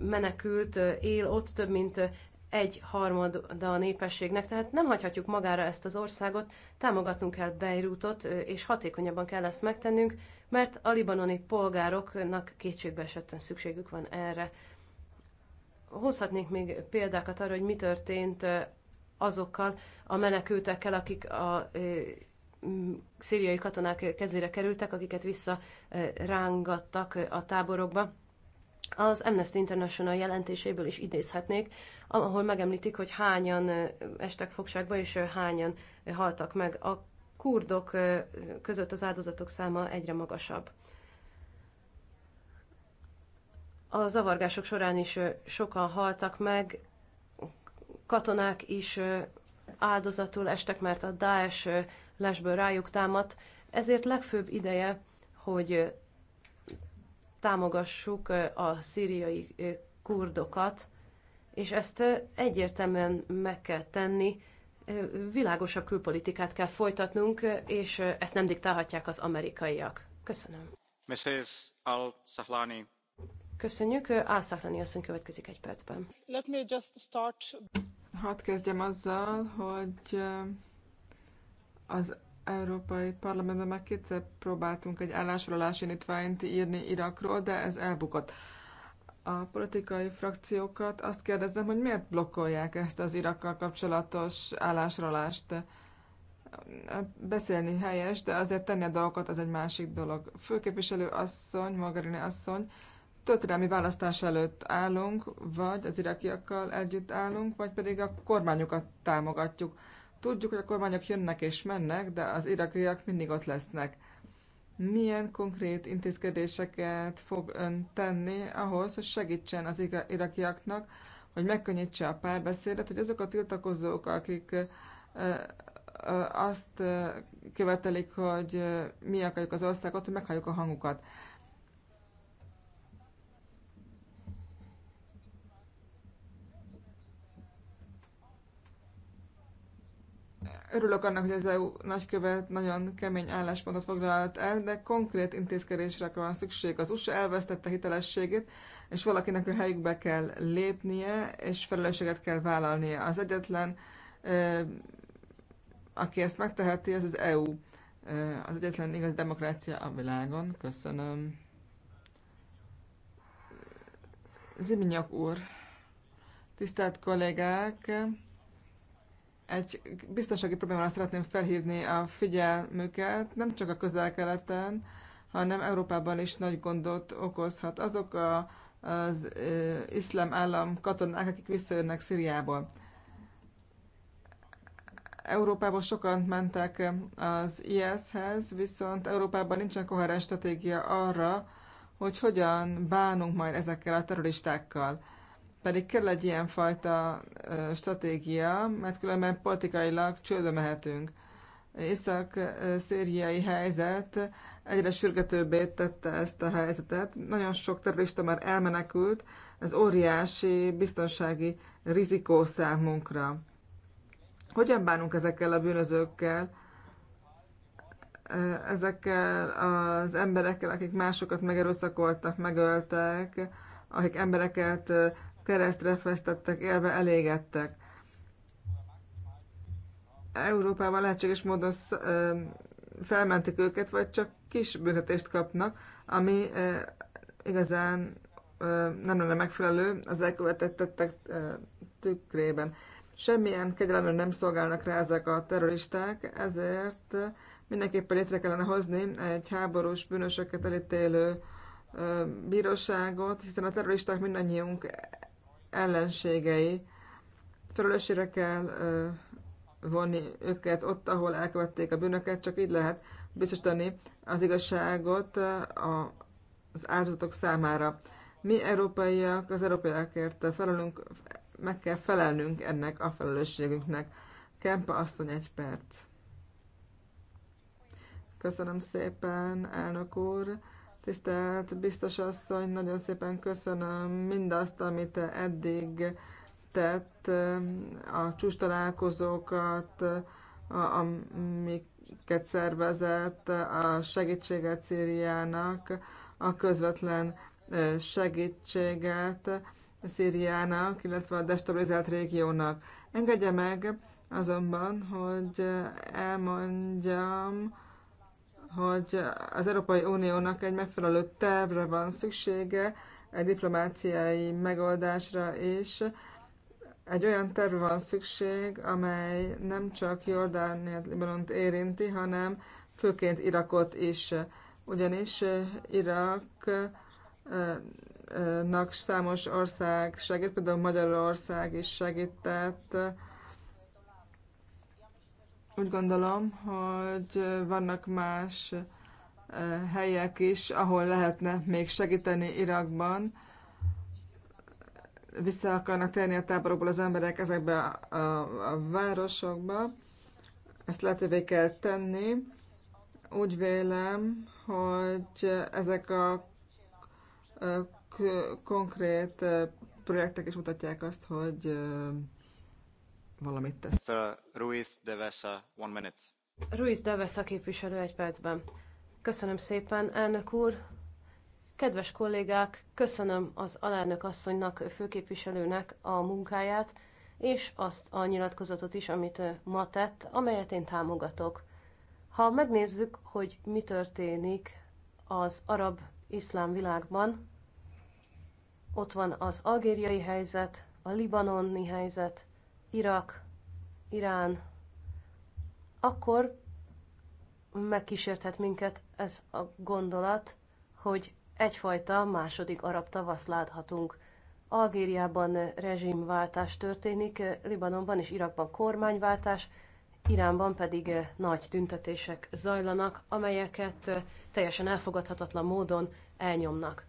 menekült él ott, több mint egy harmad a népességnek, tehát nem hagyhatjuk magára ezt az országot, támogatnunk kell Beirutot, és hatékonyabban kell ezt megtennünk, mert a libanoni polgároknak kétségbe esetten szükségük van erre. Hozhatnék még példákat arra, hogy mi történt azokkal a menekültekkel, akik a szíriai katonák kezére kerültek, akiket visszarángattak a táborokba. Az Amnesty International jelentéséből is idézhetnék, ahol megemlítik, hogy hányan estek fogságba és hányan haltak meg kurdok között az áldozatok száma egyre magasabb. A zavargások során is sokan haltak meg, katonák is áldozatul estek, mert a Daesh lesből rájuk támadt, ezért legfőbb ideje, hogy támogassuk a szíriai kurdokat, és ezt egyértelműen meg kell tenni, világosabb külpolitikát kell folytatnunk, és ezt nem diktálhatják az amerikaiak. Köszönöm. Mrs. Al-Sahlani. Köszönjük. Al-Sahlani asszony következik egy percben. Let me just start... Hadd kezdjem azzal, hogy az Európai Parlamentben már kétszer próbáltunk egy állásfoglalási indítványt írni Irakról, de ez elbukott a politikai frakciókat, azt kérdezem, hogy miért blokkolják ezt az Irakkal kapcsolatos állásralást. Beszélni helyes, de azért tenni a dolgokat az egy másik dolog. Főképviselő asszony, Magarini asszony, történelmi választás előtt állunk, vagy az irakiakkal együtt állunk, vagy pedig a kormányokat támogatjuk. Tudjuk, hogy a kormányok jönnek és mennek, de az irakiak mindig ott lesznek milyen konkrét intézkedéseket fog ön tenni ahhoz, hogy segítsen az irakiaknak, hogy megkönnyítse a párbeszédet, hogy azok a tiltakozók, akik azt követelik, hogy mi akarjuk az országot, hogy meghalljuk a hangukat. Örülök annak, hogy az EU nagykövet nagyon kemény álláspontot foglalt el, de konkrét intézkedésre van szükség. Az USA elvesztette hitelességét, és valakinek a helyükbe kell lépnie, és felelősséget kell vállalnia. Az egyetlen, aki ezt megteheti, az az EU. Az egyetlen igaz demokrácia a világon. Köszönöm. Ziminyak úr, tisztelt kollégák! Egy biztonsági problémára szeretném felhívni a figyelmüket, nem csak a közel-keleten, hanem Európában is nagy gondot okozhat. Azok a, az e, iszlám állam katonák, akik visszajönnek Szíriából. Európában sokan mentek az IS-hez, viszont Európában nincsen koherens stratégia arra, hogy hogyan bánunk majd ezekkel a terroristákkal. Pedig kell egy ilyen fajta stratégia, mert különben politikailag csődbe mehetünk. Észak-szíriai helyzet egyre sürgetőbbé tette ezt a helyzetet. Nagyon sok terrorista már elmenekült, ez óriási biztonsági rizikó számunkra. Hogyan bánunk ezekkel a bűnözőkkel, ezekkel az emberekkel, akik másokat megerőszakoltak, megöltek, akik embereket keresztre festettek, élve elégettek. Európában lehetséges módon felmentik őket, vagy csak kis büntetést kapnak, ami igazán nem lenne megfelelő az elkövetettek tükrében. Semmilyen kegyelemre nem szolgálnak rá ezek a terroristák, ezért mindenképpen létre kellene hozni egy háborús bűnösöket elítélő bíróságot, hiszen a terroristák mindannyiunk ellenségei. Felelősségre kell vonni őket ott, ahol elkövették a bűnöket, csak így lehet biztosítani az igazságot az áldozatok számára. Mi európaiak az európaiakért felelünk, meg kell felelnünk ennek a felelősségünknek. Kempa asszony egy perc. Köszönöm szépen, elnök úr. Tisztelt biztos asszony, nagyon szépen köszönöm mindazt, amit eddig tett, a csúcs találkozókat, amiket szervezett, a segítséget Szíriának, a közvetlen segítséget Szíriának, illetve a destabilizált régiónak. Engedje meg azonban, hogy elmondjam, hogy az Európai Uniónak egy megfelelő tervre van szüksége, egy diplomáciai megoldásra is. Egy olyan tervre van szükség, amely nem csak Jordániát, Libanont érinti, hanem főként Irakot is. Ugyanis Iraknak számos ország segít, például Magyarország is segített, úgy gondolom, hogy vannak más eh, helyek is, ahol lehetne még segíteni Irakban. Vissza akarnak térni a táborokból az emberek ezekbe a, a, a városokba. Ezt lehetővé kell tenni. Úgy vélem, hogy ezek a, a eh, konkrét eh, projektek is mutatják azt, hogy valamit tesz. Ruiz de Vesa, one minute. Ruiz de Vesa képviselő egy percben. Köszönöm szépen, elnök úr. Kedves kollégák, köszönöm az alelnök asszonynak, főképviselőnek a munkáját, és azt a nyilatkozatot is, amit ma tett, amelyet én támogatok. Ha megnézzük, hogy mi történik az arab iszlám világban, ott van az algériai helyzet, a libanoni helyzet, Irak, Irán, akkor megkísérthet minket ez a gondolat, hogy egyfajta második arab tavaszt láthatunk. Algériában rezsimváltás történik, Libanonban és Irakban kormányváltás, Iránban pedig nagy tüntetések zajlanak, amelyeket teljesen elfogadhatatlan módon elnyomnak.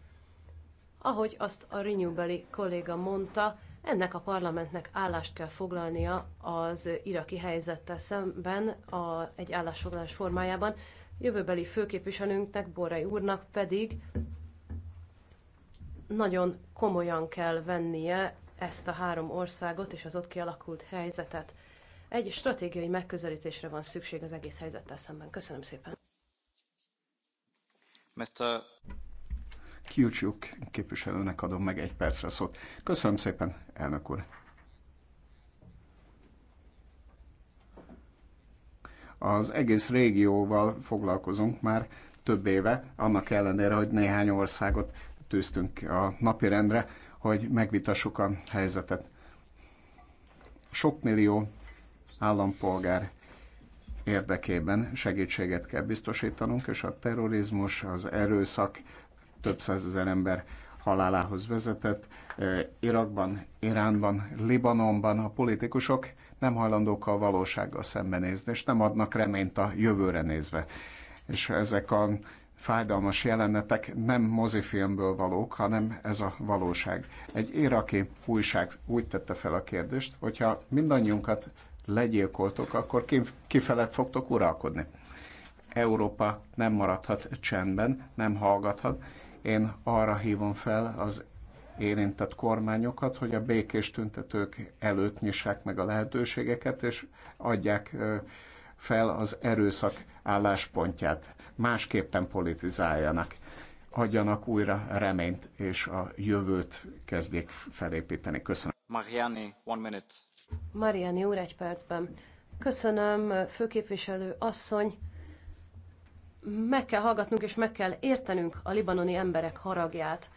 Ahogy azt a Renewbeli kolléga mondta, ennek a parlamentnek állást kell foglalnia az iraki helyzettel szemben a, egy állásfoglalás formájában, jövőbeli főképviselőnknek, Borrai úrnak pedig nagyon komolyan kell vennie ezt a három országot és az ott kialakult helyzetet. Egy stratégiai megközelítésre van szükség az egész helyzettel szemben. Köszönöm szépen. Mr. Kiucsuk képviselőnek adom meg egy percre szót. Köszönöm szépen, elnök úr. Az egész régióval foglalkozunk már több éve, annak ellenére, hogy néhány országot tűztünk a napi rendre, hogy megvitassuk a helyzetet. Sok millió állampolgár érdekében segítséget kell biztosítanunk, és a terrorizmus, az erőszak több százezer ember halálához vezetett. Irakban, Iránban, Libanonban a politikusok nem hajlandók a valósággal szembenézni, és nem adnak reményt a jövőre nézve. És ezek a fájdalmas jelenetek nem mozifilmből valók, hanem ez a valóság. Egy iraki újság úgy tette fel a kérdést, hogyha mindannyiunkat legyilkoltok, akkor kifelett fogtok uralkodni. Európa nem maradhat csendben, nem hallgathat, én arra hívom fel az érintett kormányokat, hogy a békés tüntetők előtt nyissák meg a lehetőségeket, és adják fel az erőszak álláspontját. Másképpen politizáljanak, adjanak újra reményt, és a jövőt kezdjék felépíteni. Köszönöm. Mariani, one minute. Mariani úr, egy percben. Köszönöm, főképviselő asszony meg kell hallgatnunk és meg kell értenünk a libanoni emberek haragját.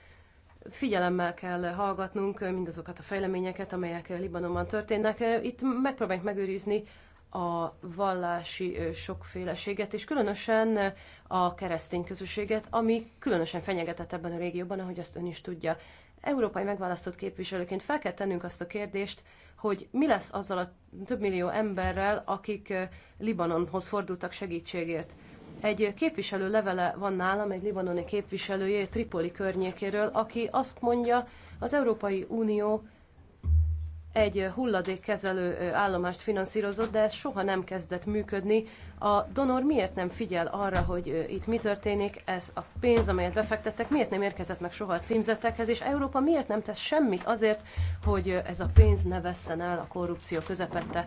Figyelemmel kell hallgatnunk mindazokat a fejleményeket, amelyek Libanonban történnek. Itt megpróbáljuk megőrizni a vallási sokféleséget, és különösen a keresztény közösséget, ami különösen fenyegetett ebben a régióban, ahogy azt ön is tudja. Európai megválasztott képviselőként fel kell tennünk azt a kérdést, hogy mi lesz azzal a több millió emberrel, akik Libanonhoz fordultak segítségért egy képviselő levele van nálam, egy libanoni képviselője Tripoli környékéről, aki azt mondja, az Európai Unió egy hulladékkezelő állomást finanszírozott, de ez soha nem kezdett működni. A donor miért nem figyel arra, hogy itt mi történik, ez a pénz, amelyet befektettek, miért nem érkezett meg soha a címzettekhez, és Európa miért nem tesz semmit azért, hogy ez a pénz ne vesszen el a korrupció közepette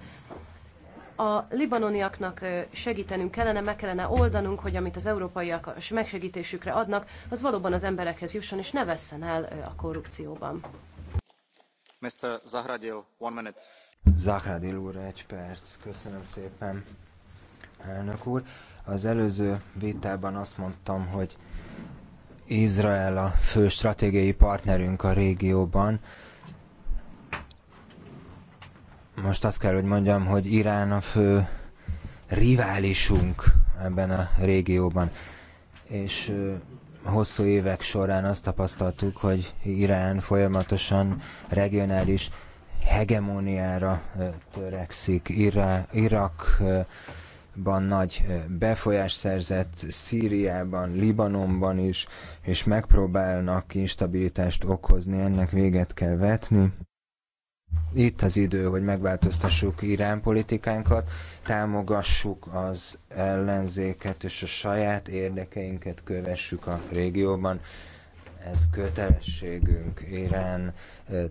a libanoniaknak segítenünk kellene, meg kellene oldanunk, hogy amit az európaiak megsegítésükre adnak, az valóban az emberekhez jusson, és ne vesszen el a korrupcióban. Mr. Zahradil, one minute. Zahradil úr, egy perc. Köszönöm szépen, elnök úr. Az előző vitában azt mondtam, hogy Izrael a fő stratégiai partnerünk a régióban, most azt kell, hogy mondjam, hogy Irán a fő riválisunk ebben a régióban. És hosszú évek során azt tapasztaltuk, hogy Irán folyamatosan regionális hegemóniára törekszik. Irá, Irakban nagy befolyás szerzett, Szíriában, Libanonban is, és megpróbálnak instabilitást okozni, ennek véget kell vetni itt az idő, hogy megváltoztassuk Irán politikánkat, támogassuk az ellenzéket és a saját érdekeinket kövessük a régióban. Ez kötelességünk Irán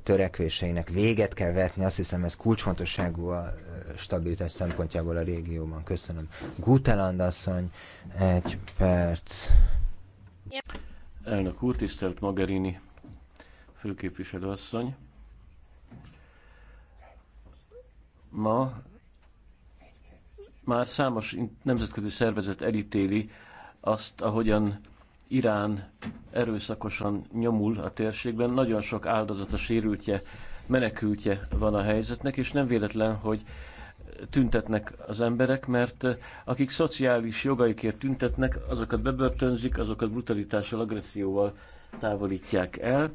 törekvéseinek véget kell vetni. Azt hiszem, ez kulcsfontosságú a stabilitás szempontjából a régióban. Köszönöm. Guteland asszony, egy perc. Elnök úr, tisztelt Magarini főképviselő asszony. ma már számos nemzetközi szervezet elítéli azt, ahogyan Irán erőszakosan nyomul a térségben. Nagyon sok áldozata, sérültje, menekültje van a helyzetnek, és nem véletlen, hogy tüntetnek az emberek, mert eh, akik szociális jogaikért tüntetnek, azokat bebörtönzik, azokat brutalitással, agresszióval távolítják el,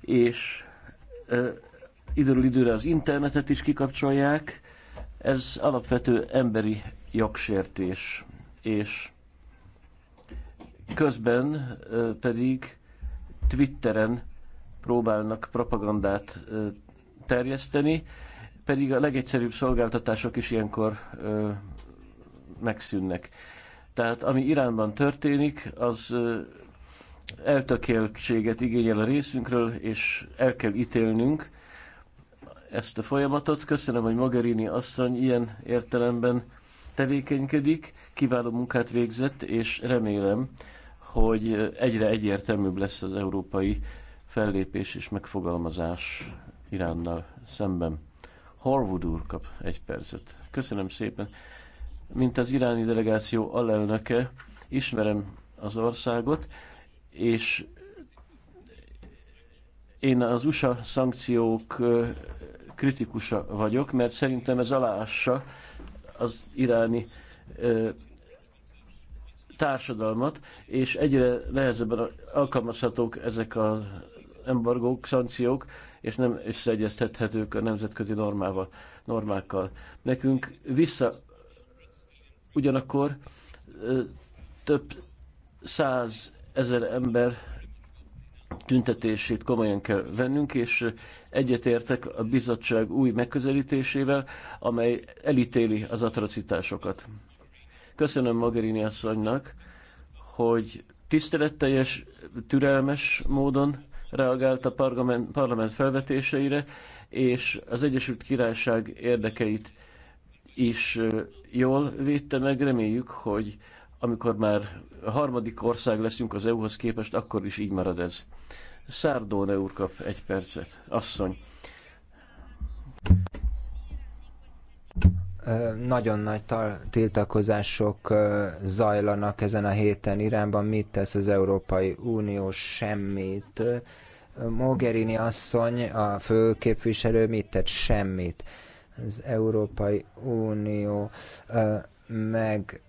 és eh, időről időre az internetet is kikapcsolják. Ez alapvető emberi jogsértés, és közben pedig Twitteren próbálnak propagandát terjeszteni, pedig a legegyszerűbb szolgáltatások is ilyenkor megszűnnek. Tehát ami Iránban történik, az eltökéltséget igényel a részünkről, és el kell ítélnünk, ezt a folyamatot. Köszönöm, hogy Mogherini asszony ilyen értelemben tevékenykedik, kiváló munkát végzett, és remélem, hogy egyre egyértelműbb lesz az európai fellépés és megfogalmazás Iránnal szemben. Horwood úr kap egy percet. Köszönöm szépen. Mint az iráni delegáció alelnöke, ismerem az országot, és én az USA szankciók kritikusa vagyok, mert szerintem ez aláássa az iráni ö, társadalmat, és egyre nehezebben alkalmazhatók ezek az embargók, szankciók, és nem összeegyeztethetők a nemzetközi normával, normákkal. Nekünk vissza ugyanakkor ö, több száz ezer ember tüntetését komolyan kell vennünk, és egyetértek a bizottság új megközelítésével, amely elítéli az atrocitásokat. Köszönöm Magarini asszonynak, hogy tiszteletteljes, türelmes módon reagált a parlament, parlament felvetéseire, és az Egyesült Királyság érdekeit is jól védte meg. Reméljük, hogy amikor már a harmadik ország leszünk az EU-hoz képest, akkor is így marad ez. Szárdóne úr kap egy percet. Asszony. Nagyon nagy tiltakozások zajlanak ezen a héten Iránban. Mit tesz az Európai Unió? Semmit. Mogherini asszony, a fő képviselő mit tett? Semmit. Az Európai Unió meg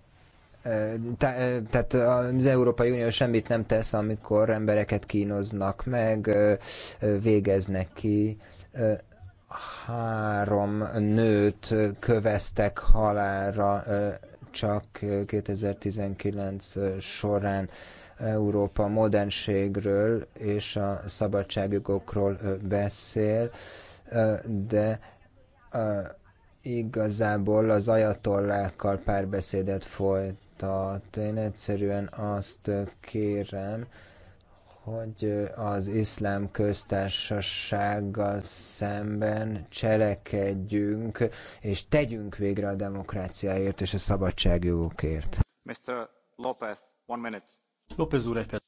tehát az Európai Unió semmit nem tesz, amikor embereket kínoznak meg, végeznek ki. Három nőt köveztek halára csak 2019 során. Európa modernségről és a szabadságjogokról beszél, de igazából az ajatollákkal párbeszédet folyt vitát. Én egyszerűen azt kérem, hogy az iszlám köztársasággal szemben cselekedjünk, és tegyünk végre a demokráciáért és a szabadságjogokért. Mr. López, one minute. López úr, egy perc.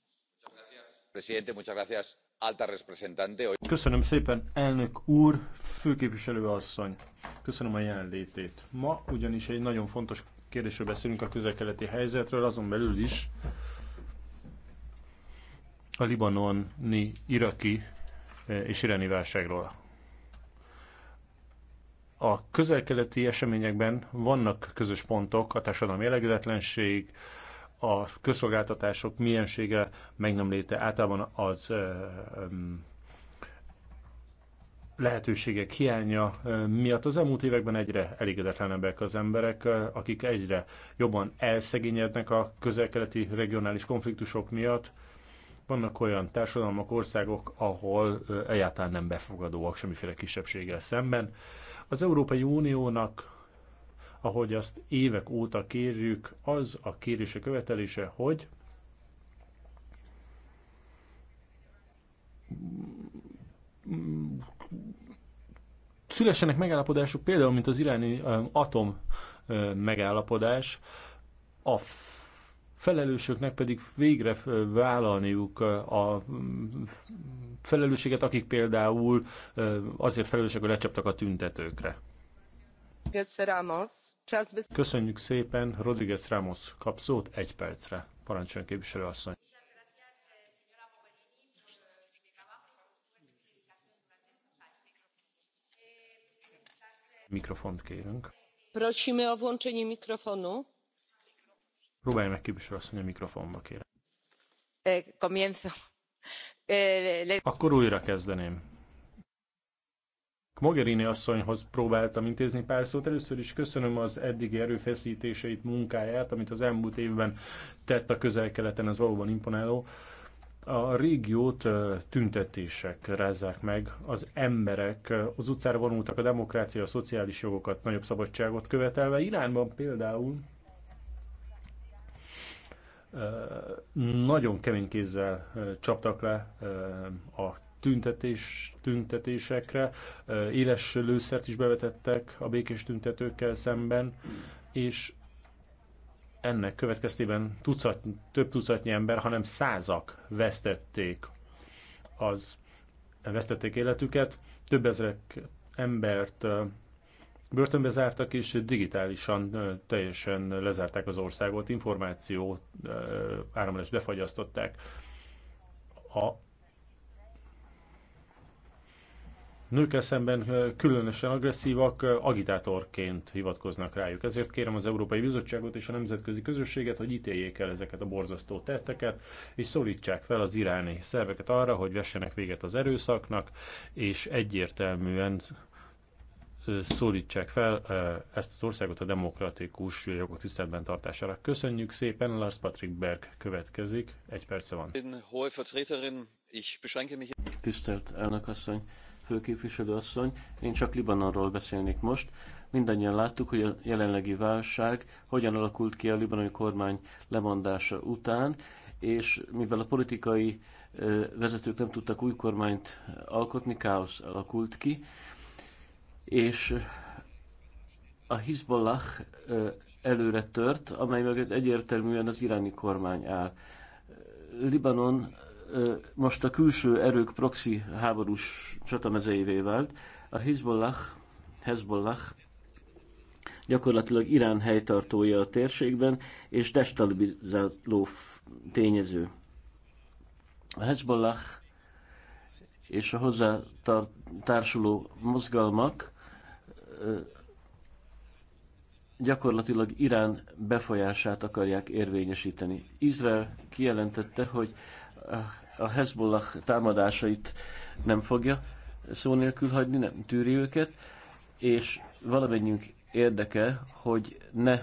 muchas gracias. Alta representante. Köszönöm szépen, elnök úr, főképviselő asszony. Köszönöm a jelenlétét. Ma ugyanis egy nagyon fontos kérdésről beszélünk, a közelkeleti helyzetről, azon belül is a libanoni, iraki e, és iráni válságról. A közelkeleti eseményekben vannak közös pontok, a társadalmi elegedetlenség, a közszolgáltatások miensége, meg nem léte, általában az e, lehetőségek hiánya miatt az elmúlt években egyre elégedetlenebbek az emberek, akik egyre jobban elszegényednek a közelkeleti regionális konfliktusok miatt. Vannak olyan társadalmak, országok, ahol egyáltalán nem befogadóak semmiféle kisebbséggel szemben. Az Európai Uniónak, ahogy azt évek óta kérjük, az a kérése követelése, hogy szülessenek megállapodások, például, mint az iráni atom megállapodás, a felelősöknek pedig végre vállalniuk a felelősséget, akik például azért felelősek, hogy lecsaptak a tüntetőkre. Köszönjük szépen, Rodriguez Ramos kap szót egy percre. Parancsoljon képviselő asszony. Mikrofont kérünk. Prosimy o włączenie mikrofonu. Próbálj meg képviselőasszony a mikrofonba, kérem. Eh, comienzo. (laughs) Eh, Akkor újra kezdeném. Mogherini asszonyhoz próbáltam intézni pár szót. Először is köszönöm az eddigi erőfeszítéseit, munkáját, amit az elmúlt évben tett a közel-keleten, az valóban imponáló a régiót tüntetések rázzák meg, az emberek az utcára vonultak a demokrácia, a szociális jogokat, nagyobb szabadságot követelve. Iránban például nagyon kemény kézzel csaptak le a tüntetés, tüntetésekre, éles lőszert is bevetettek a békés tüntetőkkel szemben, és ennek következtében tucat, több tucatnyi ember, hanem százak vesztették az vesztették életüket, több ezrek embert börtönbe zártak, és digitálisan teljesen lezárták az országot, információ áramlást befagyasztották. A nőkkel szemben különösen agresszívak, agitátorként hivatkoznak rájuk. Ezért kérem az Európai Bizottságot és a nemzetközi közösséget, hogy ítéljék el ezeket a borzasztó tetteket, és szólítsák fel az iráni szerveket arra, hogy vessenek véget az erőszaknak, és egyértelműen szólítsák fel ezt az országot a demokratikus jogok tiszteletben tartására. Köszönjük szépen, Lars Patrick Berg következik, egy perce van. Tisztelt elnök asszony, főképviselő asszony, én csak Libanonról beszélnék most. Mindannyian láttuk, hogy a jelenlegi válság hogyan alakult ki a libanoni kormány lemondása után, és mivel a politikai vezetők nem tudtak új kormányt alkotni, káosz alakult ki, és a Hizbollah előre tört, amely mögött egyértelműen az iráni kormány áll. Libanon most a külső erők proxy háborús csatamezeivé vált. A Hezbollah, Hezbollah gyakorlatilag Irán helytartója a térségben, és destabilizáló tényező. A Hezbollah és a hozzá társuló mozgalmak gyakorlatilag Irán befolyását akarják érvényesíteni. Izrael kijelentette, hogy a Hezbollah támadásait nem fogja szó nélkül hagyni, nem tűri őket, és valamennyünk érdeke, hogy ne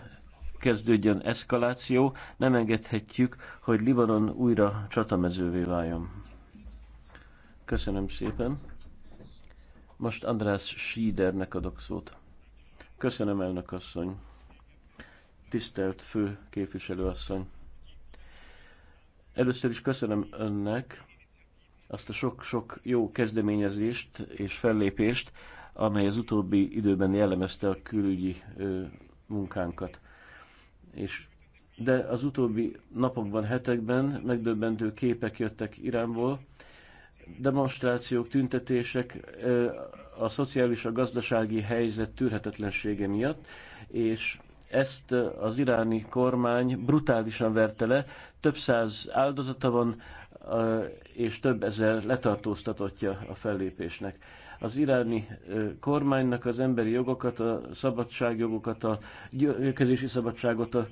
kezdődjön eszkaláció, nem engedhetjük, hogy Libanon újra csatamezővé váljon. Köszönöm szépen. Most András Schiedernek adok szót. Köszönöm, elnök asszony. Tisztelt fő képviselő asszony. Először is köszönöm önnek azt a sok-sok jó kezdeményezést és fellépést, amely az utóbbi időben jellemezte a külügyi ö, munkánkat. És, de az utóbbi napokban, hetekben megdöbbentő képek jöttek Iránból, demonstrációk, tüntetések ö, a szociális, a gazdasági helyzet tűrhetetlensége miatt, és ezt az iráni kormány brutálisan verte le, több száz áldozata van, és több ezer letartóztatottja a fellépésnek. Az iráni kormánynak az emberi jogokat, a szabadságjogokat, a gyülekezési szabadságot, a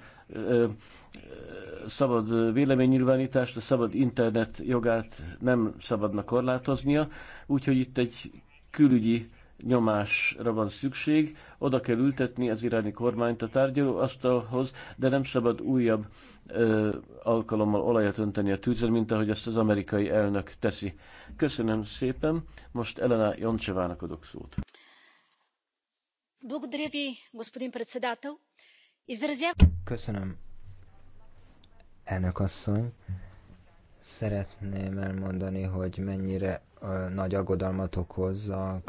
szabad véleménynyilvánítást, a szabad internet jogát nem szabadna korlátoznia, úgyhogy itt egy külügyi nyomásra van szükség, oda kell ültetni az iráni kormányt a tárgyalóasztalhoz, de nem szabad újabb ö, alkalommal olajat önteni a tűzre, mint ahogy ezt az amerikai elnök teszi. Köszönöm szépen, most Elena Jancsevának adok szót. Köszönöm, elnök asszony. Szeretném elmondani, hogy mennyire nagy aggodalmat okoz a